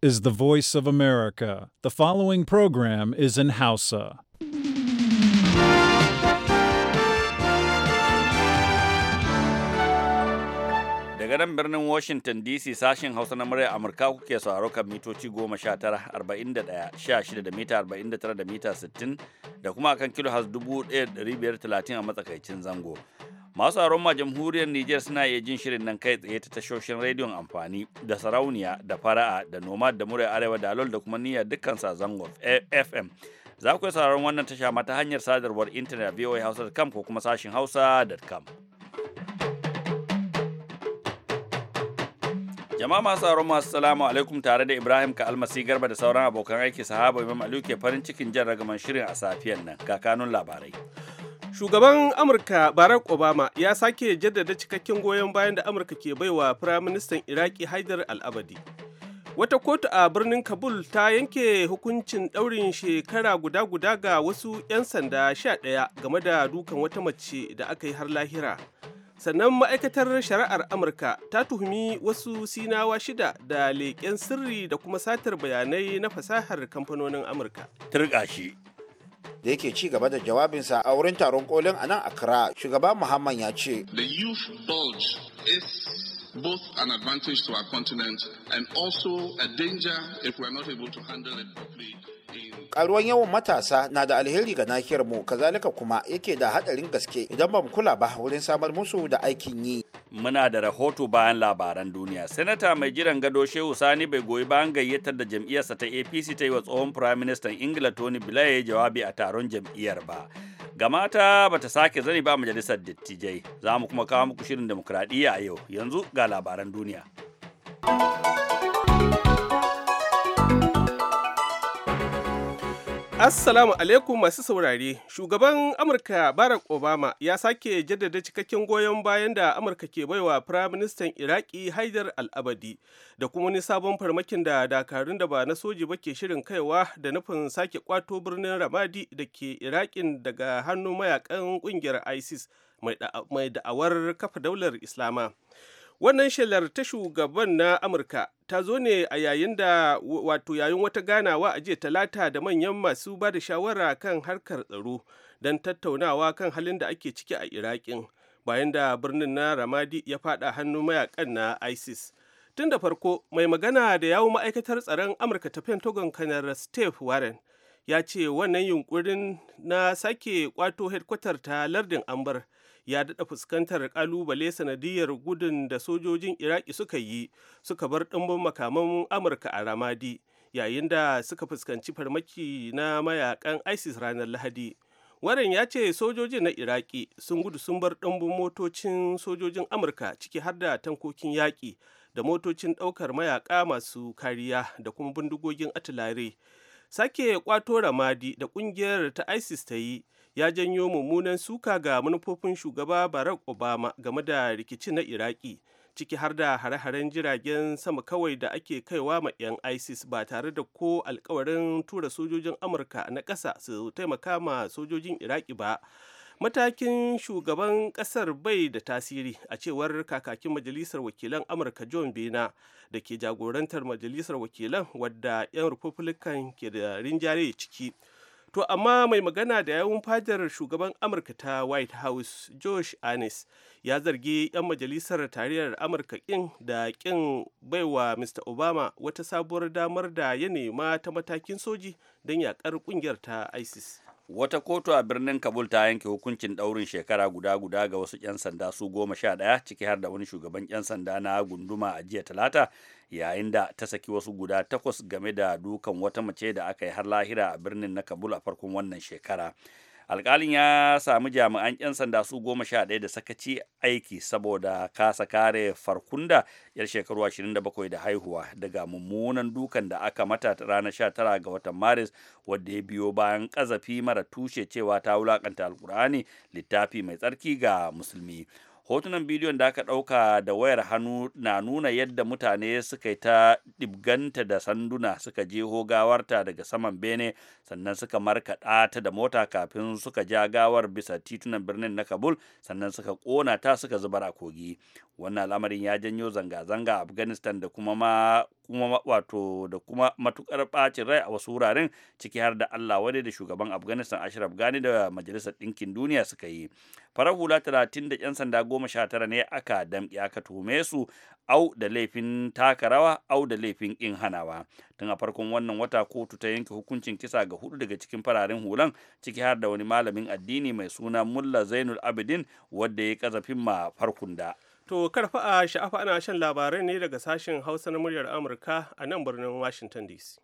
is the voice of America. The following program is in Hausa. Daga nan birnin Washington DC sashen Hausa na murya Amurka kuke sauraro kan mitoci 19-41-16 da mita 49 da mita 60 da kuma kan kilo 1530 a matsakaicin zango. masu aron jamhuriyar Nijar suna iya jin shirin nan kai tsaye ta tashoshin rediyon amfani da sarauniya da fara'a da nomad da murai arewa da alol da kuma niyyar dukkan zangon FM. Za ku sauraron wannan tasha mata hanyar sadarwar intanet voahausa.com ko kuma sashin hausa.com. jama'a masu tsaron masu salamu alaikum tare da ibrahim ka almasi garba da sauran abokan aiki sahaba imam aliyu ke farin cikin jan ragaman shirin a safiyan nan ga kanun labarai Shugaban Amurka Barack Obama ya sake jaddada cikakken goyon bayan da Amurka ke baiwa Firaministan Iraki Haidar Al-Abadi. Wata kotu a birnin Kabul ta yanke hukuncin ɗaurin shekara guda-guda ga wasu 'yan sanda sha ɗaya game da dukan wata mace da aka yi har lahira. Sannan ma'aikatar shari'ar Amurka ta tuhumi wasu sinawa shida da leƙen sirri da kuma satar bayanai na fasahar kamfanonin Amurka. Turƙa da yake ci gaba da jawabinsa a wurin taron kolin a nan accra shugaba muhammad ya ce the youth both an advantage to our continent and also a danger if we are not able to handle it properly. karuwan yawan matasa na da alheri ga nahiyar mu kazalika kuma yake da hadarin gaske idan ba mu kula ba wurin samar musu da aikin yi muna da rahoto bayan labaran duniya sanata mai jiran gado shehu sani bai goyi bayan gayyatar da jam'iyyarsa ta apc ta yi wa tsohon firaministan ingila tony blair jawabi a taron jam'iyyar ba ga mata bata sake zani ba majalisar dattijai za mu kuma kawo muku shirin demokradiyya a yau yanzu ga labaran duniya Assalamu alaikum masu saurare. Shugaban Amurka Barack Obama ya sake jaddada cikakken goyon bayan da Amurka ke baiwa Firaministan Iraki Haidar Al-Abadi da kuma wani sabon farmakin da dakarun da ba na soji ba ke shirin kaiwa da nufin sake kwato birnin Ramadi da ke Irakin daga hannun mayakan kungiyar ISIS mai da'awar kafa daular Islama. wannan shelar ta shugaban na amurka ta zo ne a yayin da wato yayin wata ganawa a jiya talata da manyan masu ba da shawara kan harkar tsaro don tattaunawa kan halin da ake ciki a Irakin, bayan da birnin na ramadi ya fada hannun mayakan na isis tun da farko mai magana da yawon ma'aikatar tsaron amurka ta pentagon kanar steve warren ya ce wannan yunkurin na sake kwato hedkwatar ta lardin ambar ya daɗa fuskantar ƙalubale sanadiyar gudun da sojojin iraki suka yi suka bar ɗimbin makaman amurka a ramadi yayin da suka fuskanci farmaki na mayakan isis ranar lahadi warren ya ce sojoji na iraki sun gudu sun bar ɗimbin motocin sojojin amurka ciki har da tankokin yaƙi da motocin ɗaukar mayaƙa masu kariya da kuma bindigogin atilare sake kwato ramadi da ƙungiyar ta isis ta yi ya janyo mummunan suka ga manufofin shugaba barack obama game da rikici na iraki ciki har da hare-haren jiragen sama kawai da ake kaiwa ma 'yan isis ba tare da ko alkawarin tura sojojin amurka na ƙasa su taimaka ma sojojin iraki ba matakin shugaban kasar bai da tasiri a cewar kakakin majalisar wakilan amurka john bena da ke jagorantar majalisar wakilan wadda 'yan republican ke da rinjaye ciki To amma mai magana da yawun fadar shugaban Amurka ta White House Josh Anis ya zargi 'yan majalisar tarayyar Amurka ƙin da ƙin baiwa Mr. Obama wata sabuwar damar da ya nema ta matakin soji don yaƙar ƙungiyar ta ISIS. wata kotu a birnin kabul ta yanke hukuncin ɗaurin shekara guda guda ga wasu 'yan sanda su goma sha ɗaya ciki har da wani shugaban 'yan sanda na gunduma a jiya talata yayin da ta saki wasu guda takwas game da dukan wata mace da aka yi har lahira a birnin na kabul a farkon wannan shekara alƙalin ya samu jami'an 'yan sanda su goma sha ɗaya da sakaci aiki saboda kasa kare farkunda yar shekaru 27 da haihuwa daga mummunan dukan da aka mata ranar 19 ga watan maris wadda ya biyo bayan ƙazafi mara tushe cewa ta wulaƙanta alƙur'ani littafi mai tsarki ga musulmi hotunan bidiyon da aka ɗauka da wayar hannu na nuna yadda mutane suka yi ta ɗibganta da sanduna suka jeho gawarta daga saman bene sannan suka markaɗa ta da mota kafin suka ja gawar bisa titunan birnin na kabul sannan suka ƙona ta suka zubar a kogi wannan al'amarin ya janyo zanga-zanga a afghanistan da kuma ma kuma wato da kuma matukar ɓacin rai a wasu wuraren ciki har da Allah wani da shugaban Afghanistan Ashraf Ghani da Majalisar Ɗinkin Duniya suka yi. Farar hula 30 da 'yan sanda goma sha tara ne aka damƙi aka tume su au da laifin taka rawa au da laifin ƙin hanawa. Tun a farkon wannan wata kotu ta yanke hukuncin kisa ga hudu daga cikin fararen hulan ciki har da wani malamin addini mai suna Mulla Zainul Abidin wadda ya kazafin ma da. To karfa a sha'afa ana shan labarai ne daga sashen Hausa na muryar Amurka a nan birnin Washington DC.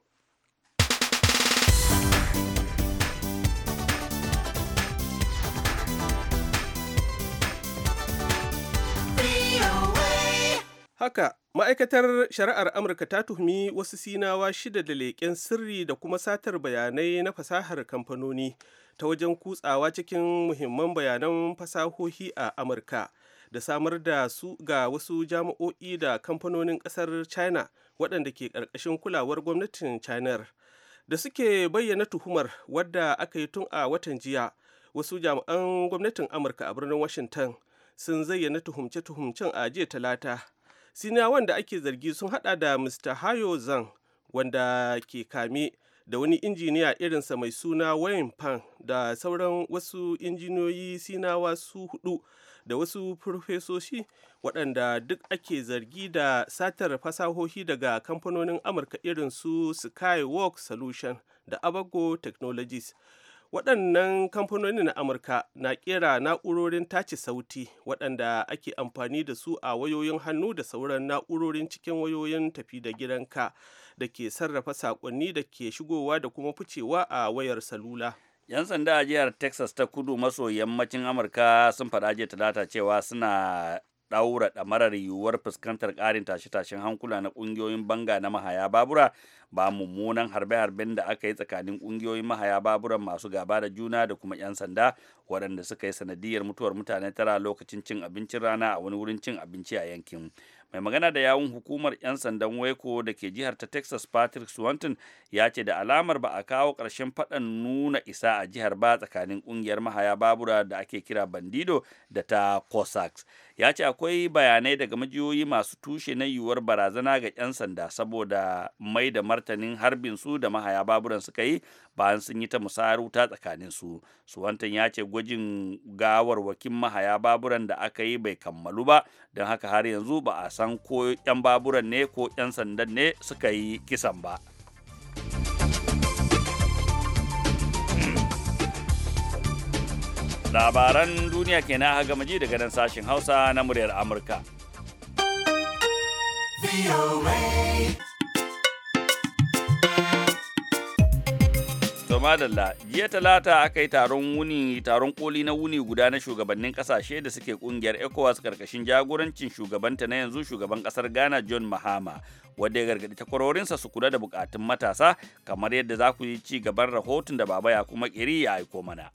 Haka, ma'aikatar shari'ar Amurka ta tuhumi wasu sinawa shida da leƙen sirri da kuma satar bayanai na fasahar kamfanoni ta wajen kutsawa cikin muhimman bayanan fasahohi a Amurka. da samar da su ga wasu jami'o'i da kamfanonin ƙasar china waɗanda ke ƙarƙashin kulawar gwamnatin china da suke bayyana tuhumar wadda aka yi tun a watan jiya wasu jami'an gwamnatin amurka a birnin washington sun zayyana tuhumce-tuhumcen a jiya talata sinawan da ake zargi sun hada da mr hayo zhang wanda ke kame da wani injiniya irinsa mai suna wayne pan da sauran wasu injiniyoyi sinawa su hudu da wasu farfesoshi, waɗanda duk ake zargi da satar fasahohi daga kamfanonin amurka irin su Skywalk solution da abago technologies waɗannan kamfanonin na amurka na ƙera na'urorin tace sauti waɗanda ake amfani da su a wayoyin hannu da sauran na'urorin cikin wayoyin tafi da gidanka da ke sarrafa saƙonni da ke shigowa da kuma ficewa a wayar salula 'yan sanda a jihar texas ta kudu maso yammacin amurka sun faɗa jiya talata cewa suna ɗaura ɗamarar yiwuwar fuskantar ƙarin tashe-tashen hankula na ƙungiyoyin banga na mahaya babura ba mummunan harbe-harben da aka yi tsakanin ƙungiyoyin mahaya baburan masu gaba da juna da kuma 'yan sanda waɗanda suka yi sanadiyar mutuwar mutane tara lokacin cin abincin rana a wani wurin cin abinci a yankin mai magana da yawun hukumar 'yan sandan waiko da ke jihar ta texas patrick swanton ya ce da alamar ba a kawo ƙarshen faɗan nuna isa a jihar ba tsakanin ƙungiyar mahaya babura da ake kira bandido da ta cossacks ya ce akwai bayanai daga majiyoyi masu tushe na yiwuwar barazana ga 'yan sanda saboda mai da martanin harbin su da mahaya baburan suka yi bayan sun yi ta musayar wuta tsakanin su suwantan ya ce gwajin gawar wakin mahaya baburan da aka yi bai kammalu ba don haka har yanzu ba a san ko 'yan baburan ne ko 'yan sandan ne suka yi kisan ba. labaran duniya kenan a gama ji daga nan sashen hausa na muryar amurka madalla jiya talata aka yi taron wuni taron koli na wuni guda na shugabannin kasashe da suke kungiyar ecowas karkashin jagorancin shugabanta na yanzu shugaban kasar ghana john mahama wadda ya gargadi takwarorinsa su kula da bukatun matasa kamar yadda za ku yi ci gaban rahoton da baba ya kuma kiri ya aiko mana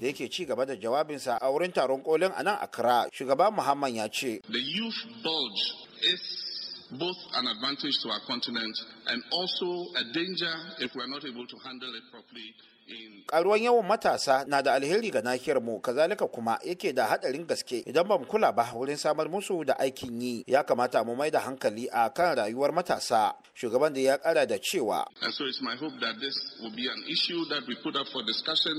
da yake ci gaba da jawabinsa a wurin taron kolin a nan Accra shugaba Muhammad ya ce The youth bulge is both an advantage to our continent and also a danger if we are not able to handle it properly. Karuwan yawan matasa na da alheri ga nahiyar mu kazalika kuma yake da hadarin gaske idan mu kula ba wurin samar musu da aikin yi ya kamata mu mai da hankali a kan rayuwar matasa shugaban da ya kara da cewa and so it's my hope that this will be an issue that we put up for discussion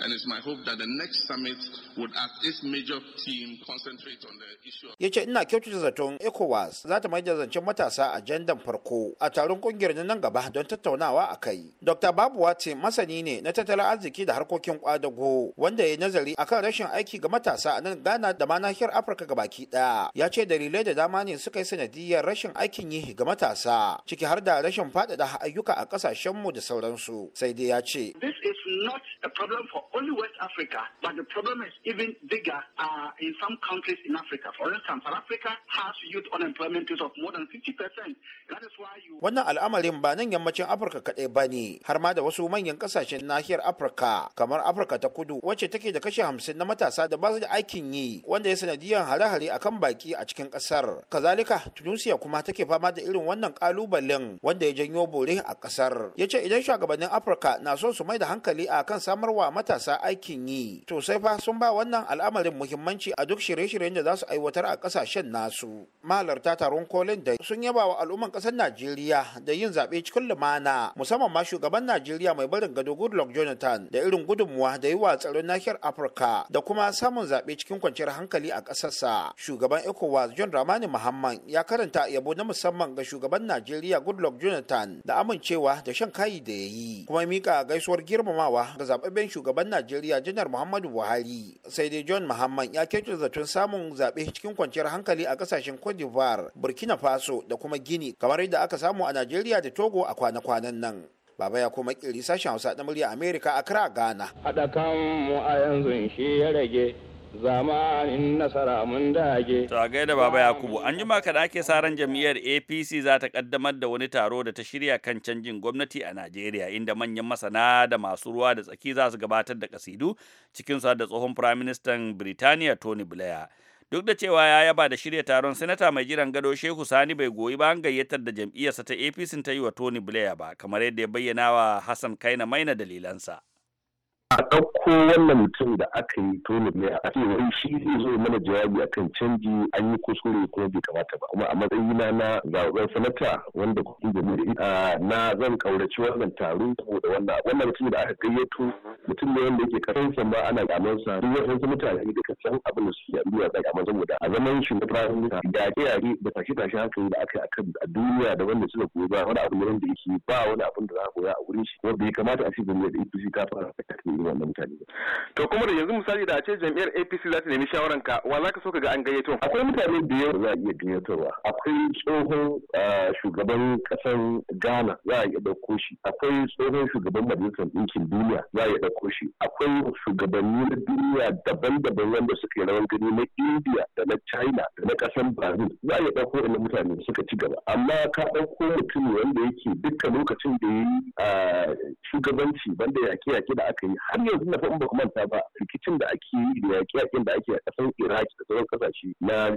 and it's my hope that the next summit would as its major team concentrate on the issue of... Yace ina kyautata zaton ECOWAS za ta mai da zancen matasa a ajandan farko a taron kungiyar nan gaba don tattaunawa a kai. Dr. Babu ce masani ne na tattalin arziki da harkokin kwadago wanda ya nazari akan rashin aiki ga matasa a nan Ghana da ma nahiyar Afirka gabaki daya. Ya ce dalilai da dama ne suka yi sanadiyar rashin aikin yi ga matasa ciki har da rashin faɗaɗa ayyuka a ƙasashenmu da sauransu. Sai dai ya ce. This is not a problem for for only West Africa, but the problem is even bigger uh, in some countries in Africa. For instance, South Africa has youth unemployment rate of more than 50%. That is why you... Wannan al'amarin ba nan yammacin Afirka kaɗai ba ne, har ma da wasu manyan ƙasashen nahiyar Afirka, kamar Afirka ta kudu, wacce take da kashe hamsin na matasa da ba su da aikin yi, wanda ya sanadiyar hare-hare a kan baki a cikin ƙasar. Kazalika, Tunisia kuma take fama da irin wannan ƙalubalen wanda ya janyo bore a ƙasar. Ya ce idan shugabannin Afirka na so su mai da hankali a kan samarwa mata matasa aikin yi to sai fa sun ba wannan al'amarin muhimmanci a duk shirye-shiryen da za su aiwatar a kasashen nasu mahalarta taron kolin da sun yaba wa al'umman kasar najeriya da yin zaɓe cikin lumana musamman ma shugaban najeriya mai barin gado goodluck jonathan da irin gudunmuwa da yi wa tsaron nahiyar afirka da kuma samun zaɓe cikin kwanciyar hankali a ƙasarsa shugaban ecowas john ramani muhammad ya karanta yabo na musamman ga shugaban najeriya goodluck jonathan da amincewa da shan kayi da ya yi kuma mika gaisuwar girmamawa ga zaɓaɓɓen shugaban zaben Najeriya Janar Muhammadu Buhari sai dai John Muhammad ya kece zaton samun zabe cikin kwanciyar hankali a kasashen Cote d'Ivoire, Burkina Faso da kuma Gini kamar yadda aka samu a Najeriya da Togo a kwana-kwanan nan. Baba ya kuma kiri sashen Hausa na murya Amerika a kira Ghana. Haɗa kan mu a yanzu shi ya rage zamanin nasara mun dage. To a gaida Baba Yakubu, an maka da ake sa ran jam'iyyar APC za ta kaddamar da wani taro da ta shirya kan canjin gwamnati a Najeriya inda manyan masana da masu ruwa da tsaki za su gabatar da kasidu cikin su da tsohon Firaministan Birtaniya Tony Blair. Duk da cewa ya yaba da shirya taron Sanata mai jiran gado Shehu Sani bai goyi ba an gayyatar da jam'iyyarsa ta APC ta yi wa Tony Blair ba, kamar yadda ya bayyana wa Hassan Kaina Maina dalilansa. a ɗauko wannan mutum da aka yi tone ne a ce wai shi zai zo mana jawabi akan canji an yi kuskure kuma bai kamata ba kuma a matsayina na zaɓen sanata wanda kuɗin da mu na zan kaurace wannan taro da wannan wannan mutum da aka gayyato mutum ne wanda yake kasan sa ma ana gaman sa duk waɗansu mutane da ka san abin da suke yi a gaman saboda a zaman shi na firayim da yake yare da tashi tashi haka yi da aka yi kan a duniya da wanda suka goyi ba wani abu ne wanda yake ba wani abin da za a koya a wurin shi wanda ya kamata a ce da shi ta fara irin wannan mutane to kuma da yanzu misali da a ce jam'iyyar APC za ta nemi shawaran ka wa za ka so ka ga an gayyato akwai mutane da yawa za a iya gayyatowa akwai tsohon ah, shugaban kasar Ghana za a iya ɗauko shi akwai tsohon shugaban majalisar ɗinkin duniya za a iya ɗauko shi akwai shugabanni na duniya daban-daban wanda suka yi rawan gani na India da na China da na kasar Brazil za a iya ɗauko wani mutane suka ci gaba amma ka ɗauko mutum wanda yake dukkan lokacin da ya yi ah, shugabanci banda yaƙe-yaƙe da aka yi har yanzu na in ba manta ba rikicin da ake yi da yaƙi-yaƙin da ake a ƙasar Iraq da sauran ƙasashe na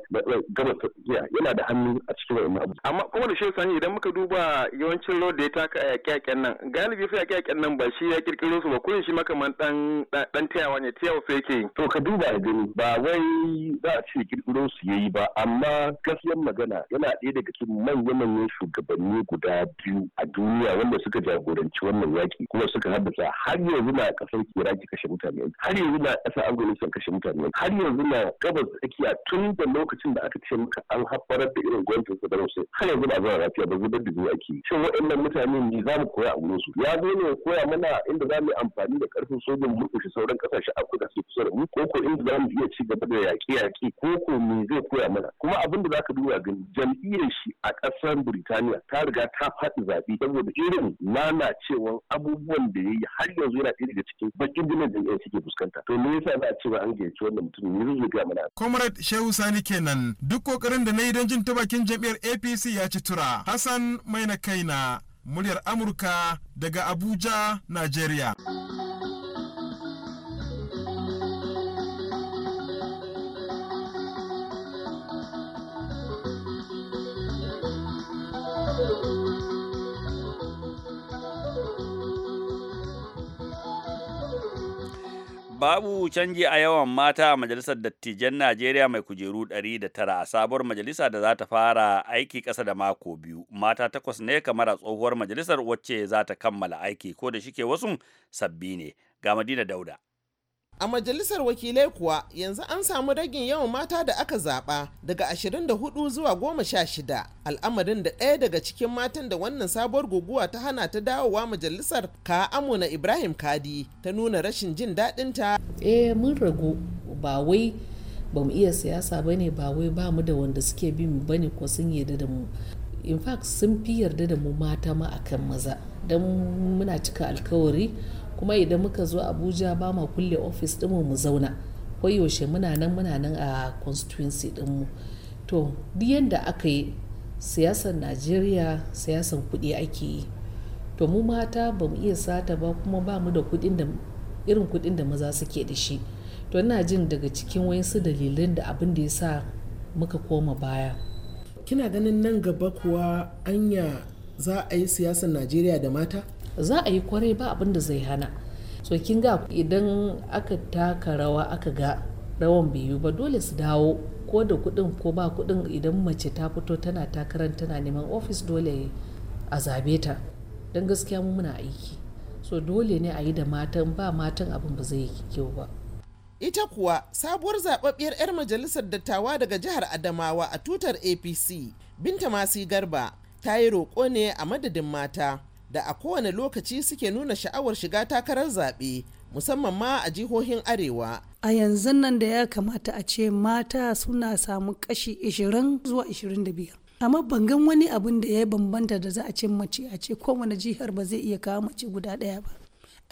gabas ta tsakiya yana da hannu a cikin wannan abu. Amma kuma da shi sani idan muka duba yawancin rawar da ya taka a yaƙi yaƙin nan galibi fa yaƙi nan ba shi ya kirkiro su ba kullum shi makaman ɗan ɗan tayawa ne tayawa sai yake. To ka duba a gani ba wai za a ce kirkiro su yayi ba amma gaskiyar magana yana ɗaya daga cikin manya-manyan shugabanni guda biyu a duniya wanda suka jagoranci wannan yaƙi kuma suka haddasa har yanzu na ƙasar iraki kashe mutane har yanzu na ƙasar afghanistan kashe mutane har yanzu na gabas tsakiya tun da lokacin da aka ce maka an haɓarar da irin gwamnatin sadar hussein har yanzu ba zuwa lafiya ba zubar da biyu ake shin waɗannan mutane ne za mu koya a wurin su ya zo ne koya mana inda za mu yi amfani da ƙarfin sojin mu kushe sauran ƙasashe afirka su kusa da mu ko ko inda za mu iya ci gaba da yaƙe-yaƙe ko ko me zai koya mana kuma abin da za ka duba gani jam'iyyar shi a ƙasar burtaniya ta riga ta faɗi zaɓe saboda irin lalacewar abubuwan da ya har yanzu yana ɗaya daga cikin sun bakin dinar da yan suke fuskanta to me yasa za a ce ba an gayyaci wannan mutum ne zai ga mana comrade shehu sani kenan duk kokarin da na yi don jin ta bakin jam'iyyar apc ya ci tura hassan maina kaina muryar amurka daga abuja nigeria babu canji a yawan mata a majalisar dattijan Najeriya mai kujeru 109 a sabuwar majalisa da za ta fara aiki ƙasa da mako biyu. Mata takwas ne kamar a tsohuwar majalisar wacce za ta kammala aiki ko da shike wasu sabbi ne. Ga Madina Dauda. A majalisar wakilai kuwa yanzu an samu ragin yawan mata da aka zaɓa daga 24 zuwa 16 al'amarin da ɗaya daga cikin matan da wannan sabuwar guguwa ta hana ta dawowa majalisar ka amuna Ibrahim Kadi ta nuna rashin jin daɗinta. Eh mun ragu ba wai ba mu iya siyasa ba ne ba wai ba mu da wanda suke bi mu ba ne ko sun yarda da mu. In fact sun fi yarda da mu mata ma akan maza don muna cika alkawari kuma idan muka zo abuja ba ma kulle ofis ɗinmu mu zauna koyaushe muna nan muna nan a constituency ɗinmu to duk yadda aka yi siyasar najeriya siyasar kuɗi ake yi to mu mata ba mu iya sata ba kuma ba mu da irin kuɗin da maza suke da shi to ina jin daga cikin wayansu dalilin da abin da ya sa muka koma baya kina ganin nan gaba kuwa anya za a yi siyasar najeriya da mata za a yi kwarai ba abin da zai hana so ga idan aka taka rawa aka ga rawan biyu ba dole su dawo ko da kuɗin ko ba kuɗin idan mace ta fito tana takarar tana neman ofis dole a zabe ta don gaskiya mu muna aiki so dole ne a yi da matan ba matan abin ba zai yi kyau ba ita kuwa sabuwar zababbiyar 'yar majalisar dattawa daga jihar adamawa a tutar apc binta masu garba ta yi roƙo ne a madadin mata da a kowane lokaci suke nuna sha'awar shiga takarar zaɓe musamman ma a jihohin arewa a yanzu nan da ya kamata a ce mata suna samu kashi 20 zuwa 25 amma ban gan wani abin da ya bambanta da za a ce mace a ce kowane jihar ba zai iya kawo mace guda ɗaya ba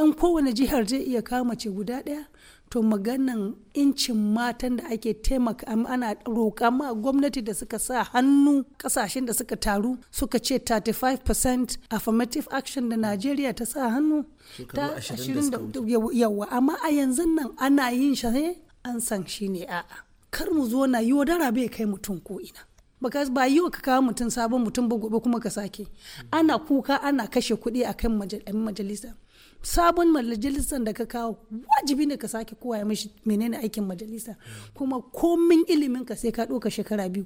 in kowane jihar zai iya kawo mace guda ɗaya to maganan incin matan da ake taimaka ana roƙa ma gwamnati da suka sa hannu ƙasashen da suka taru suka ce 35% affirmative action da najeriya ta sa hannu ta 20 yawa amma a yanzu nan ana yin shi an san shi ne a'a kar mu zo na yi wadara bai kai mutum ko ina baka ba yi ka kawo mutum sabon mutum ba gobe kuma ka sake ana kuka ana kashe kuɗi akan kan majalisa sabon majalisar da ka kawo wajibi ne ka sake kowa ya menene aikin majalisa kuma komin ilimin ka sai ka ɗauka shekara biyu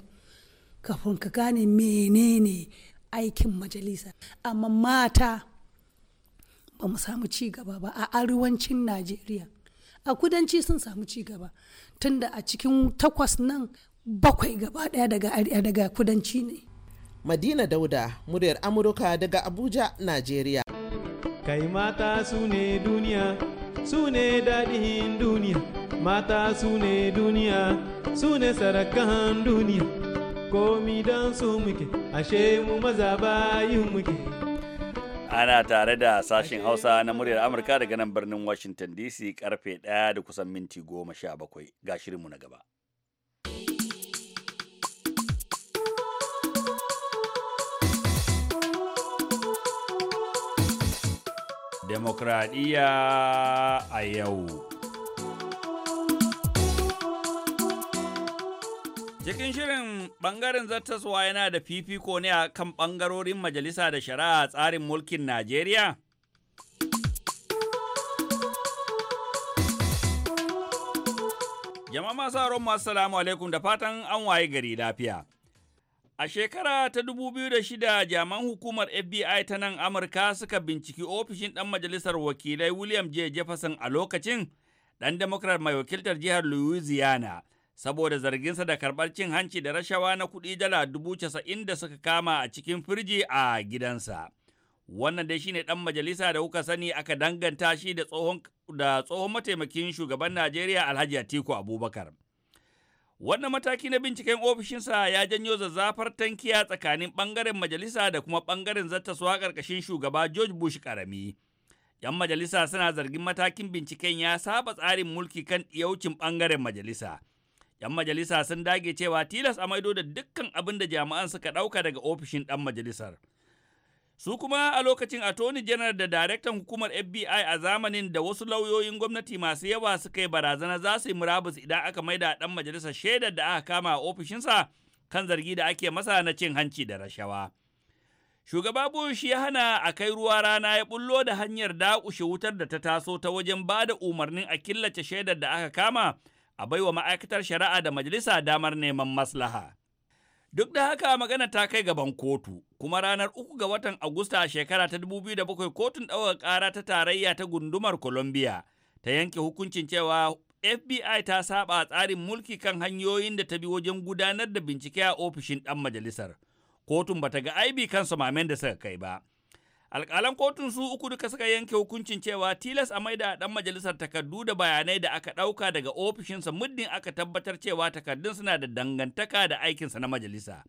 kafin ka gane menene aikin majalisa amma mata ba mu samu cigaba ba a arewacin najeriya a kudanci sun samu ci gaba tunda a cikin takwas nan bakwai gaba daya daga daga kudanci ne madina dauda muryar amurka daga abuja najeriya kai mata su ne duniya su ne daɗin duniya mata su ne duniya su ne sarakan duniya komi don su muke ashe mu maza bayin muke ana tare da sashen hausa na muryar amurka daga nan birnin washington dc karfe 1 da kusan minti 17 ga shirinmu na gaba demokradiyya a yau. Cikin shirin ɓangaren zattaswa yana da fifiko ne a kan ɓangarorin majalisa da shari'a tsarin mulkin Najeriya? Jama'a masu masu salamu alaikum da fatan an waye gari lafiya. A shekara ta 2006 jaman hukumar FBI ta nan Amurka suka binciki ofishin ɗan majalisar wakilai William J. Jefferson a lokacin ɗan Democrat mai wakiltar jihar Louisiana saboda zarginsa da karɓar cin hanci da rashawa na kuɗi dala dubu casa'in da suka kama a cikin firji a gidansa. Wannan dai shine ɗan majalisa da kuka sani aka danganta shi da tsohon mataimakin shugaban Najeriya Alhaji Atiku Abubakar. Wannan mataki na binciken ofishinsa ya janyo zazzafar tankiya tsakanin ɓangaren majalisa da kuma ɓangaren suwa ƙarƙashin shugaba George Bush ƙarami. 'Yan majalisa suna zargin matakin binciken ya saba tsarin mulki kan ɗiyaucin ɓangaren majalisa. 'Yan majalisa sun dage cewa tilas a maido da dukkan abin da jami'an suka ɗauka daga ofishin ɗan majalisar. Su kuma a lokacin Atoni General da Daraktan Hukumar FBI a zamanin da wasu lauyoyin gwamnati masu yawa suka yi barazana za su yi murabus idan aka maida ɗan majalisar shaidar da aka kama a ofishinsa kan zargi da ake masa na cin hanci da rashawa. Shugaba Bush ya hana a kai ruwa rana ya bullo da hanyar dakushe wutar da ta taso ta wajen ba da umarnin a killace shaidar da aka kama a baiwa ma'aikatar shari'a da majalisa damar neman maslaha. Duk da haka magana ta kai gaban kotu, kuma ranar uku ga watan Agusta a shekara ta 2007 kotun ɗaukar ƙara ta tarayya ta gundumar colombia ta yanke hukuncin cewa FBI ta saba tsarin mulki kan hanyoyin da ta bi wajen gudanar da bincike a ofishin ɗan majalisar. Kotun bata ga aibi kan mamen da suka kai ba. alƙalan kotun su uku duka suka yanke hukuncin cewa tilas a maida ɗan majalisar takardu da bayanai da aka ɗauka daga ofishinsa muddin aka tabbatar cewa takardun suna da dangantaka da aikinsa na majalisa.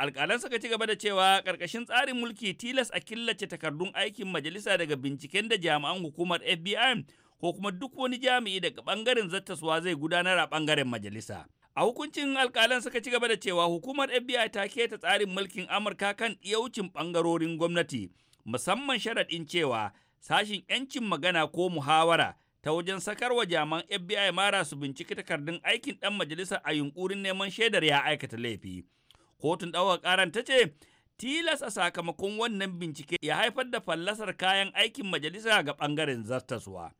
Alƙalan suka ci gaba da cewa ƙarƙashin tsarin mulki tilas a killace takardun aikin majalisa daga binciken da jami'an hukumar FBI ko kuma duk wani jami'i daga ɓangaren zattaswa zai gudanar a ɓangaren majalisa. A hukuncin alƙalan suka ci gaba da cewa hukumar FBI ta keta tsarin mulkin Amurka kan iyaucin ɓangarorin gwamnati. musamman sharaɗin cewa sashin 'yancin magana ko muhawara ta wajen sakar wa jaman FBI mara su binciki takardun aikin ɗan majalisa a yunkurin neman shaidar ya aikata laifi. Kotun ɗaukar ƙaran ta ce, tilas a sakamakon wannan bincike ya haifar da fallasar kayan aikin majalisa ga ɓangaren zartaswa.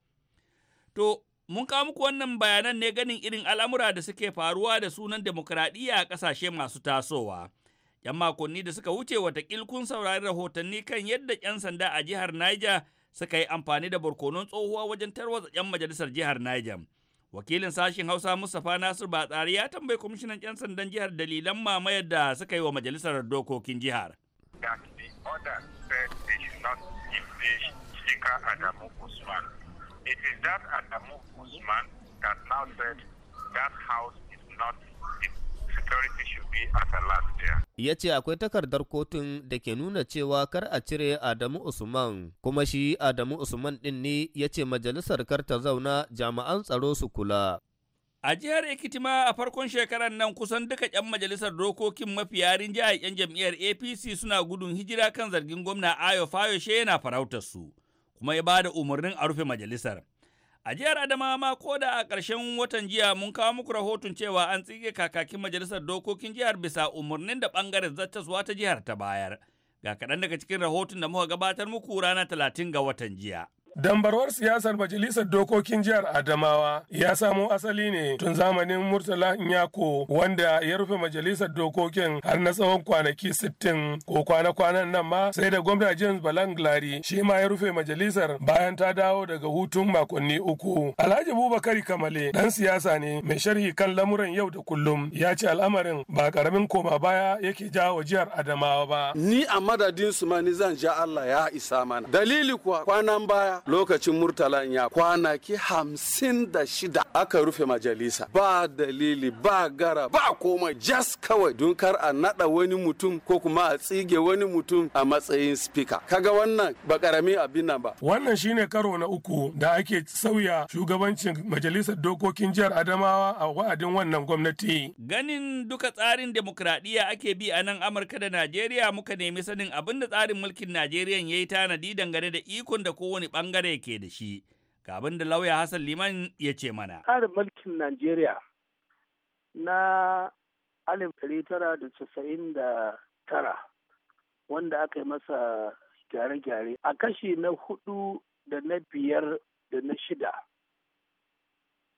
To, mun kawo muku wannan bayanan ne ganin irin al'amura da suke faruwa da sunan demokradiyya a ƙasashe masu tasowa. 'Yan makonni da suka wuce watakil kun saurari rahotanni kan yadda 'yan sanda a jihar Niger suka yi amfani da barkonon tsohuwa wajen tarwatsa 'yan majalisar jihar Niger. Wakilin sashen Hausa Mustapha Nasir Batsari ya tambayi kwamishinan 'yan sandan jihar dalilan mamayar da suka yi wa majalisar dokokin jihar. that that house is not authority Ya ce akwai takardar kotun da ke nuna cewa kar a cire Adamu Usman, kuma shi Adamu Usman ɗin ne ya ce majalisar kar ta zauna jami'an tsaro su kula. A jihar ma a farkon shekarar nan kusan duka 'yan majalisar dokokin mafi yarin jihar 'yan jam'iyyar APC suna gudun hijira kan zargin gwamna Ayo Fayo yana farautar su, kuma ya ba da umarnin a rufe majalisar. A jihar Adamawa ma ko da a ƙarshen watan jiya mun kawo muku rahoton cewa an tsige kakakin majalisar dokokin jihar bisa umarnin da ɓangaren zattaswa ta jihar ta bayar. Ga kaɗan daga cikin rahoton da muka gabatar muku rana talatin ga watan jiya. Dambarwar siyasar majalisar dokokin jihar Adamawa ya samo asali ne tun zamanin Murtala Nyako wanda ya rufe majalisar dokokin har na tsawon kwanaki 60 ko kwana-kwanan nan ma sai da gwamna James Balanglari shi ma ya rufe majalisar bayan ta dawo daga hutun makonni uku. Alhaji Bubakari Kamale dan siyasa ne mai sharhi kan lamuran yau da kullum ya ce al'amarin ba karamin koma baya yake jawo jihar Adamawa ba. Ni a madadin su ma ni zan ja Allah ya isa mana. Dalili kuwa kwanan baya lokacin murtala ya kwanaki hamsin da shida aka rufe majalisa ba dalili ba gara ba komai jas kawai don kar a nada wani mutum ko kuma a tsige wani mutum a matsayin spika kaga wannan ba karamin abin nan ba wannan shine karo na uku da ake sauya shugabancin majalisar dokokin jihar adamawa a wa'adin wannan gwamnati ganin duka tsarin demokradiyya ake bi a nan amurka da najeriya muka nemi sanin abin da tsarin mulkin najeriya ya yi tanadi dangane da ikon da kowane bangare bangare ke da shi. Ga da lauya Hassan Liman ya ce mana. Tsarin mulkin Najeriya na alif ɗari tara da casa'in da tara wanda aka yi masa gyare-gyare a kashi na hudu da na biyar da na shida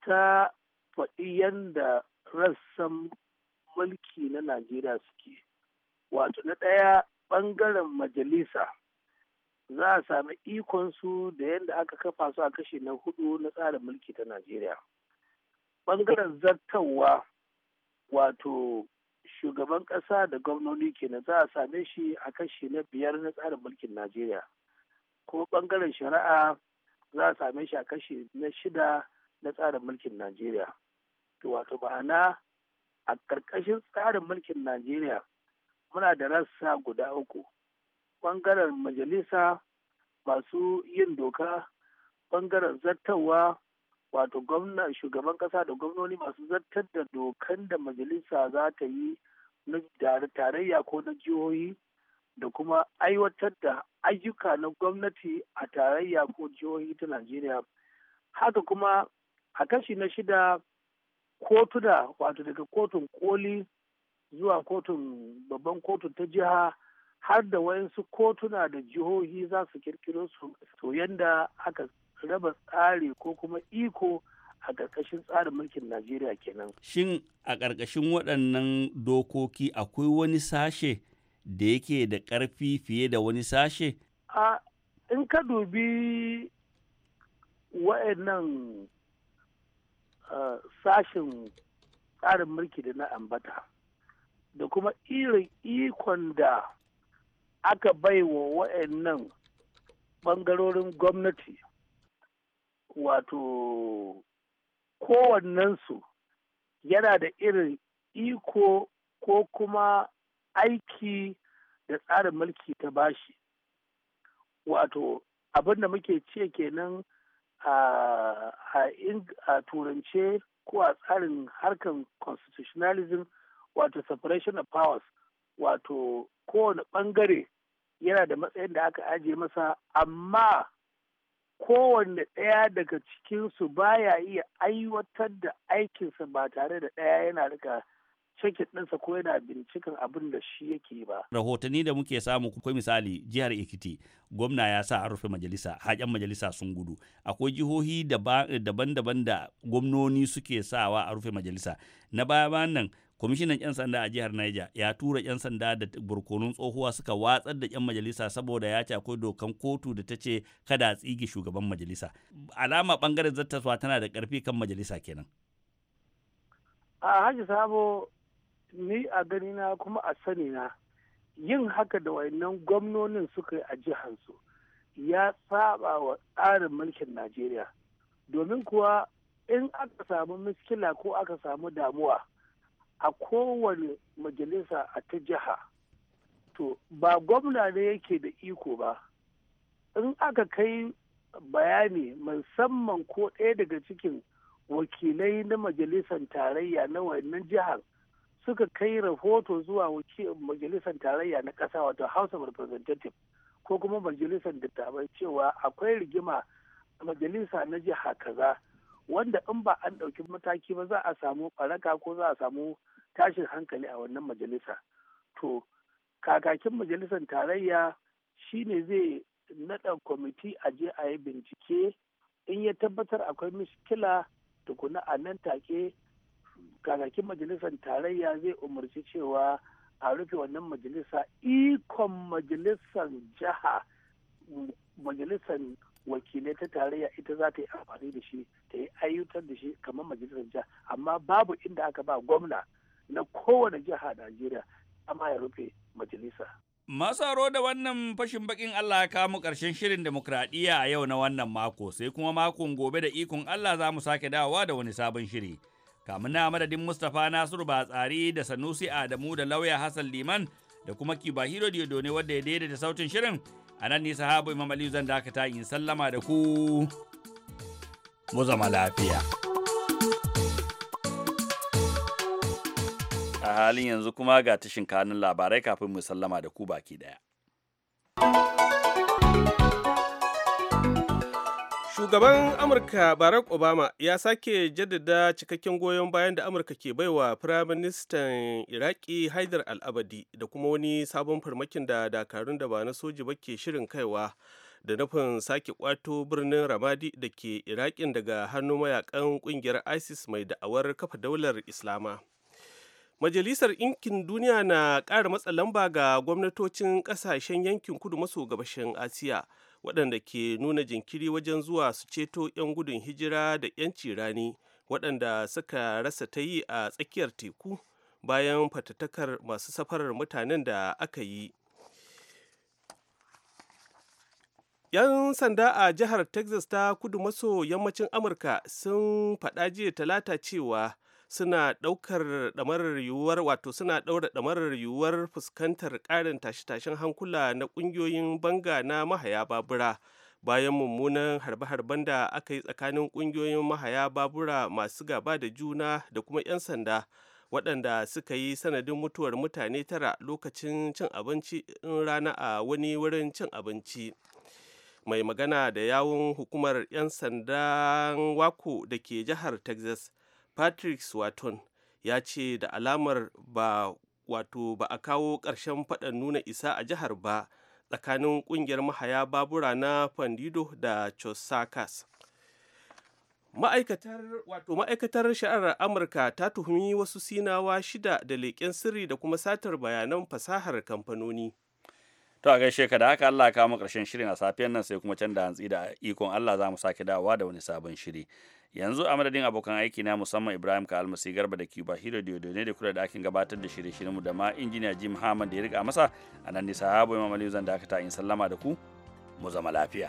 ta faɗi yadda rassan mulki na Najeriya suke. Wato na ɗaya ɓangaren majalisa za a sami ikonsu da yadda aka kafa su a kashi na hudu na tsarin mulki ta najeriya bangaren zartawa, wato shugaban ƙasa da gwamnoni kenan za a same shi a kashi na biyar na tsarin mulkin najeriya kuma bangaren shari'a za a same shi a kashi na shida na tsarin mulkin najeriya to wato ma'ana a ƙarƙashin tsarin mulkin najeriya muna da rassa guda uku bangaren majalisa masu yin doka bangaren zartawa wato gwamna shugaban ƙasa da gwamnoni masu zartar da dokan da majalisa za ta yi na tarayya ko na jihohi da kuma aiwatar da ayyuka na gwamnati a tarayya ko jihohi ta Najeriya. Haka kuma a kashi na shida kotuna wato daga kotun koli zuwa kotun babban kotun ta jiha har da wayansu kotuna da jihohi za su kirkiro su to yanda aka raba tsari ko kuma iko a ƙarƙashin tsarin mulkin Najeriya kenan. Shin a ƙarƙashin waɗannan dokoki akwai wani sashe da yake da ƙarfi fiye da wani sashe? A in ka dubi waɗannan sashen tsarin mulki da na ambata da kuma irin ikon da aka baiwa wa'annan bangarorin gwamnati wato kowannensu yana da irin iko ko kuma aiki da tsarin mulki ta bashi wato abin da muke ce kenan a turance ko a tsarin harkar constitutionalism wato separation of powers wato kowane bangare yana da matsayin da aka ajiye masa amma kowanne ɗaya daga cikinsu baya iya aiwatar da aikinsa ba tare da ɗaya yana rika cikin ɗinsa ko yana binciken abin da shi yake ba. Rahotanni da muke samu kai misali jihar Ekiti gwamna ya sa a rufe majalisa haƙen majalisa sun gudu akwai jihohi daban-daban da gwamnoni suke sawa a rufe majalisa na baya nan kwamishinan 'yan sanda a jihar Niger ya tura 'yan sanda da burkonun tsohuwa suka watsar da 'yan majalisa saboda ya ci akwai dokan kotu da ta ce kada a tsige shugaban majalisa alama bangaren zattaswa tana da karfi kan majalisa kenan a haji sabo ni a gani na kuma a sani na yin haka da wayannan gwamnonin suka yi a jihansu ya saba wa tsarin mulkin najeriya domin kuwa in aka samu miskila ko aka samu damuwa a kowane majalisa a ta jiha to ba gwamna ne yake da iko ba in aka kai bayani musamman ko ɗaya daga cikin wakilai na majalisar tarayya na wannan jihar suka kai rahoto zuwa majalisar tarayya na ƙasa wato house of representative ko kuma majalisar dattabai cewa akwai rigima majalisa na jiha kaza wanda in ba an ɗauki mataki ba za a samu ɓaraka ko za a samu tashin hankali a wannan majalisa to kakakin majalisar tarayya shine zai nada kwamiti a je a yi bincike in ya tabbatar akwai mishkila tukuna a nan take kakakin majalisar tarayya zai umarci cewa a rufe wannan majalisa ikon majalisar jiha majalisar wakilai ta tarayya ita za ta yi amfani da shi ta yi ayyutar da shi kamar majalisar jiha amma babu inda aka ba gwamna na kowane jiha a Najeriya amma ya rufe majalisa. Masaro da wannan fashin bakin Allah ya kamu ƙarshen shirin demokradiyya a yau na wannan mako sai kuma makon gobe da ikon Allah za mu sake dawowa da wani sabon shiri. Kamun na madadin Mustapha Nasiru Batsari da Sanusi Adamu da lauya Hassan Liman da kuma Kibahiro Diodo ne wadda ya daidaita sautin shirin a nan nisa habu Imam Aliyu zan dakata in sallama da ku mu zama lafiya. a halin yanzu kuma ga tashin kanin labarai kafin mu sallama da ku baki daya. Shugaban Amurka Barack Obama ya sake jaddada cikakken goyon bayan da Amurka ke baiwa Firaministan Iraki Haidar Al-Abadi da kuma wani sabon farmakin da dakarun da ba na soji ba ke shirin kaiwa da nufin sake kwato birnin Ramadi da ke Irakin daga hannun mayakan kungiyar ISIS mai da'awar kafa daular Islama. Majalisar inkin Duniya na ƙara matsa lamba ga gwamnatocin ƙasashen yankin kudu maso gabashin Asiya waɗanda ke nuna jinkiri wajen zuwa su ceto 'yan gudun hijira da 'yanci rani waɗanda suka rasa ta yi a tsakiyar teku bayan fatattakar masu safarar mutanen da aka yi. 'Yan sanda a jihar Texas ta kudu maso yammacin Amurka sun faɗa jiya talata cewa suna ɗaukar ɗamarar yiwuwar wato suna ɗaura ɗamarar yiwuwar fuskantar ƙarin tashe-tashen hankula na ƙungiyoyin banga na mahaya babura bayan mummunan harbe-harben da aka yi tsakanin ƙungiyoyin mahaya babura masu gaba da juna da kuma 'yan sanda waɗanda suka yi sanadin mutuwar mutane tara lokacin cin abinci in rana a wani wurin cin abinci mai magana da yawun hukumar 'yan sandan wako da ke jihar texas patrick swaton ya ce da alamar ba wato ba a kawo ƙarshen faɗan nuna isa a jihar ba tsakanin ƙungiyar mahaya babura na fandido da chosakas ma'aikatar wato ma'aikatar sha'arar amurka ta tuhumi wasu sinawa shida da leƙen sirri da kuma satar bayanan fasahar kamfanoni to a gaishe ka da haka Allah ka mu ƙarshen shirin a safiyar nan sai kuma canza hantsi da ikon Allah za mu sake dawowa da wani sabon shiri yanzu a madadin abokan aiki na musamman ibrahim ka almasi garba da cuba hiro ne da kula da akin gabatar da shirye-shiryenmu da ma injiniya jim hamad da ya riga masa a nan nisa habu imam aliyu zan dakata in sallama da ku mu zama lafiya.